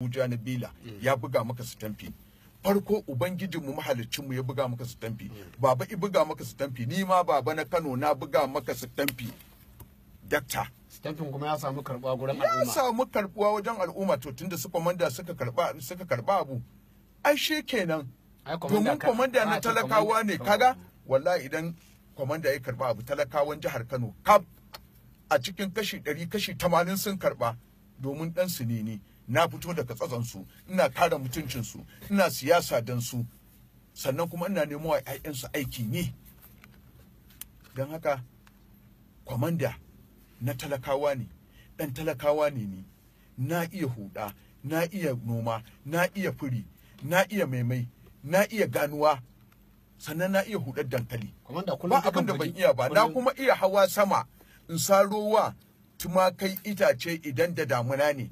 Abuja na Bila mm. ya buga maka sitamfi farko ubangijinmu mahalicinmu ya buga maka sitamfi mm. baba i buga maka sitamfi ni ma baba na Kano na buga maka sitamfi dakta sitamfin kuma ya samu karbuwa gurin al'umma ya samu karbuwa wajen al'umma to tunda su komanda suka karba suka karba abu ai kenan domin komanda na talakawa ne kaga wallahi idan komanda ya karba abu talakawan jihar Kano kaf a cikin kashi 100 kashi 80 sun karba domin dan su ne ne na fito daga tsatsansu ina kare mutuncinsu ina siyasa don su sannan kuma ina nemo wa 'ya'yansu aiki yi don haka kwamanda na talakawa ne ɗan talakawa ne ni na iya huda na iya noma na iya firi na iya maimai na iya ganuwa sannan na iya hudar dankali ba abin ban iya ba na kuma iya hawa sama in sarowa tumakai itace idan da damuna ne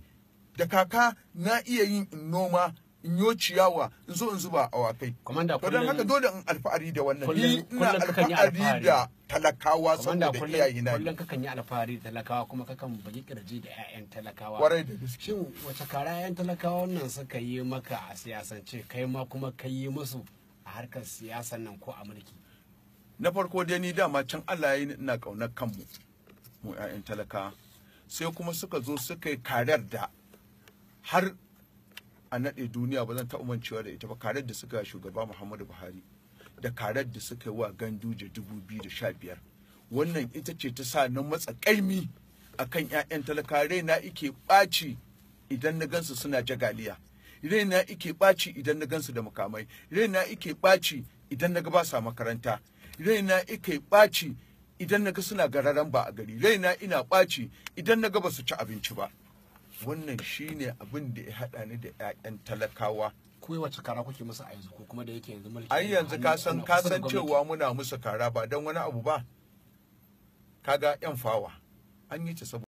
da kaka na iya yin noma in ciyawa in zo in zuba a wakai to haka dole in alfahari da wannan ni ina alfahari da talakawa saboda iyaye na kullum kakan yi alfahari da talakawa kuma kakan bugi kirji da ƴaƴan talakawa kwarai da gaske shin wace kara ƴaƴan talakawa wannan suka yi maka a siyasance kai ma kuma kai yi musu a harkar siyasan nan ko a mulki na farko dai ni dama can Allah ya yi ina kaunar kanmu mu ƴaƴan talakawa sai kuma suka zo suka yi karar da har a naɗe duniya ba zan taɓa mancewa da ita ba karar da suka shugaba Muhammadu Buhari da karar da suka yi wa Ganduje 2015 wannan ita ce ta sa na matsa ƙaimi akan 'ya'yan talaka raina ike ɓaci idan na gansu suna jagaliya raina ike ɓaci idan na gansu da mukamai raina ike ɓaci idan na ga ba sa makaranta raina ike ɓaci idan na ga suna gararan ba a gari raina ina ɓaci idan na ga ba su ci abinci ba wannan shine abin da ya haɗa ni da 'ya'yan talakawa ku wace kara kuke musu a yanzu ko kuma da yake yanzu mulki ai yanzu ka san ka san cewa muna musu kara ba dan wani abu ba kaga yan fawa an yi ta